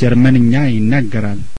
ጀርመንኛ ይናገራል